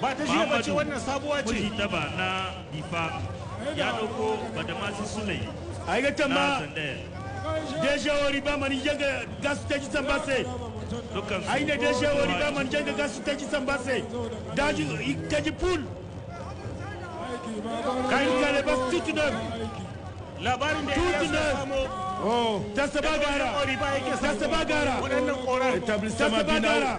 ba ta shi ba ce wannan sabuwa ce ta ba na difa ya dauko badamasi sulai a yi gatan ma da shawari ba mani yaga gasu ta ji sambase a yi da da shawari ba mani yaga gasu ta ji sambase daji ta ji pool kayi kare ba su tutunan labarin da ya samu Oh, ta saba gara, ta saba gara, ta saba gara,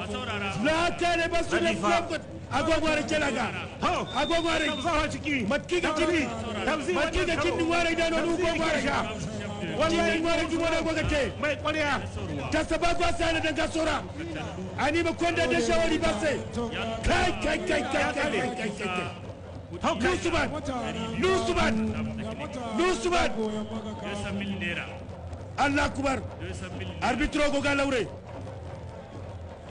latare ba su ne agogware kelaga agogware matki ga kini matki ga kini ware da nonu gogware sha wallahi ware ji ware gogate mai kwariya ta saba ba sai da gasora ani ba konda da shawari ba sai kai kai kai kai kai kai kai kai-kai-kai can Nusubat? Nusubat! Allah Kubar! Arbitro Goga Laure!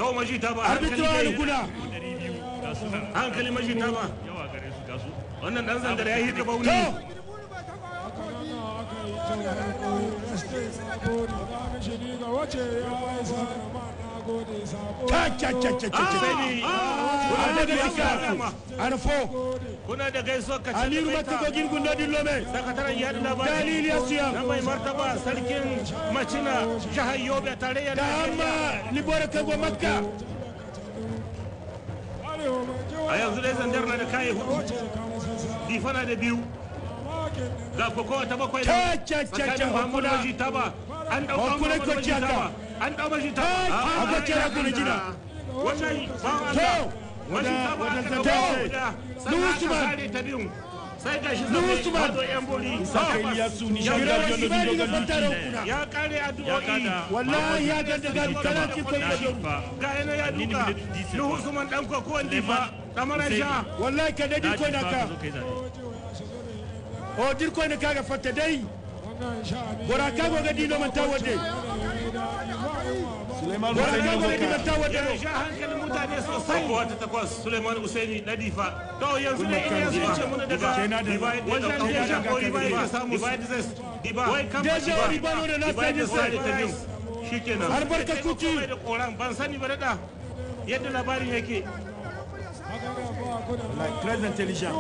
kawo mashi ta ba arbitrar kula hankali maji ta ba wannan dan zandar ya hita ga wace ya Ah, ah, ah, arfo kuna da gaiso ka amiru matuko girgun lodin sakataren yadda labari dalil ya siya na mai martaba sarkin macina yobe tarayyar da amma libora kago makka a yanzu dai zandar na da kayi hudu difana da biyu ga kokowa ta bakwai da an an ɗau shi ta a kwace ya kuna jina wannan ba Allah wani ta ba ka ɗauka guda sai ga shi zama wato yan bori ya kare addu'o'i wallahi ya ga daga talatin kai da ga yana ya duka nuhu suman dan koko wanda fa kamaran sha wallahi ka dadi ko na o dir ko na ka fatta dai gora ka go ga dino man ta wode Suleiman Usaini ya zoka. Wani ya sha hankalin mutane sosai. Ko wata takwas Suleiman Usaini na difa. To yanzu ne in yanzu ce muna daga diba da ya sha ko riba ya samu diba da zai diba. Wai kan ba diba da na sani sai ta biyu. Shikenan. Har barka kuci. Da koran ban sani ba da yadda labarin yake. Like très intelligent.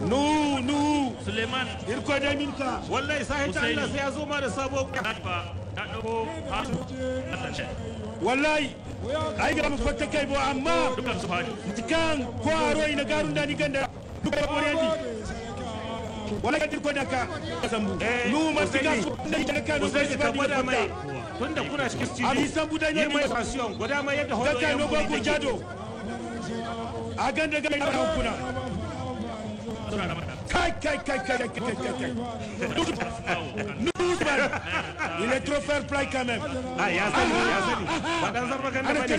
nu nu suleiman irko da minka wallahi sai ta Allah sai ya zo ma da sabo ba ta wallahi ai ga mu fata kai bo amma dukkan su fadi ko aro ina garun da ni ganda ka dirko da ka nu ma su da ka sai ka mai tunda kuna cikin studio abi san ne mai fashion gwada mai yadda ya jado a ganda ga mai kuna Kai, kai, kai, kai, kai, kai, kai, Il est trop fair play quand même. Ah, ya sani, ya sani. Ba dan ana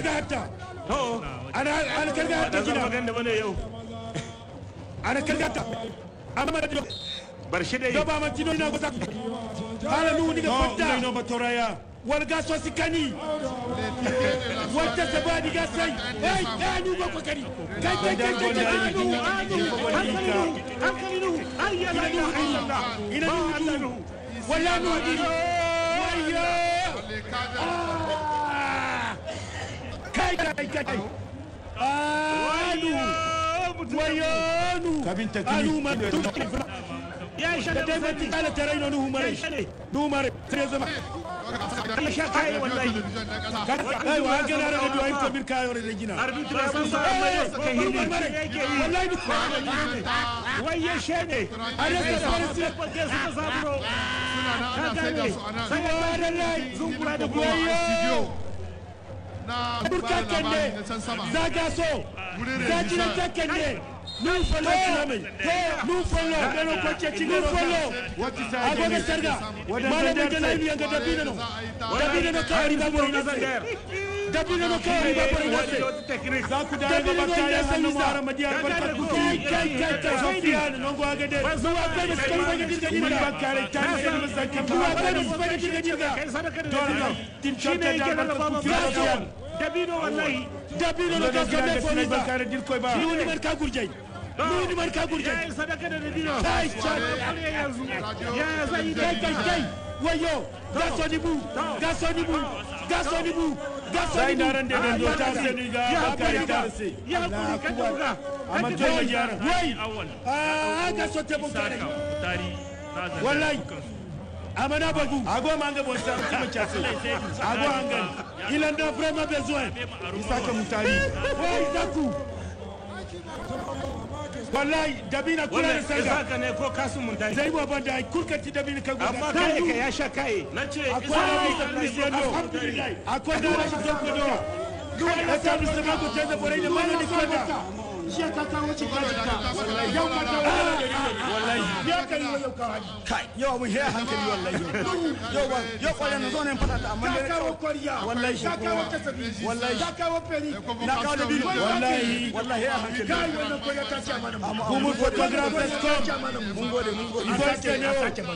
hatta Ana hatta. bar tino ina gozak. nu ni ga toraya. warga so sikani kani wata sabani ga sai ai dani ba ko kari kai kai kai kai kai anu anu hankali nu hankali nu ai ya nu ina ni Allah nu wala nu hadi wayya kai kai kai kai anu wayya anu kabin takini anu ma tu ya shada da mai kala taraino nu mare nu mare trezama wa na burka kende zaga so zaji na kende nous follo kilame nous follo gano kocce ci nous follo agoga sarga malama jana ibi yanga dabina no dabina no kawari babori nase dabina no kawari babori nase dabina kai kai kai kai sofiyani nongo agade nuwa kai masu kari baga dirga dirga nuwa kai masu baga dirga dirga dolga tin shine yake lalaba dabino wallahi dabino no kaskande fonisa ciwuni ka gurjai Muni marka gurje. Ya sadaka da bu. Gaso bu. Ah, ah, gaso bu. Gaso bu. Sai bu wallahi dabina kula da sallah isa ne ko kasu mun dai zai baban da kulka ti dabina ka guda amma kai ka ya kai nace isa ne alhamdulillah akwai da wani dokko duwa da sabu sabako ta da bore da mana da kwata jiya ta kawo ci ba jika yau ka kawo wallahi ya kai yau ka haji kai yau mun he hankali wallahi yau ba yau fata ta amma ka kawo kwariya wallahi ka kawo kasabi wallahi ka kawo na kawo da wallahi wallahi hankali kai ta mun photographers mun gode mun gode a sake ne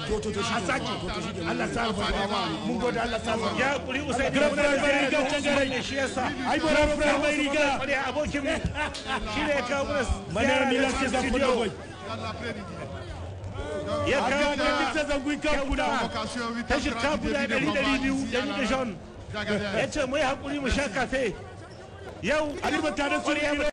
to to to a sake Allah sa mun gode Allah sa ya kuri usai grafran bai riga can garai shi yasa ai grafran bai riga abokin shine Kaunas. Manera cheza kidogo. ya kawo kudin sassan gwi kan guda tashi ta guda ɗari ɗari biyu ɗari da shon ya ce mai haƙuri mu sha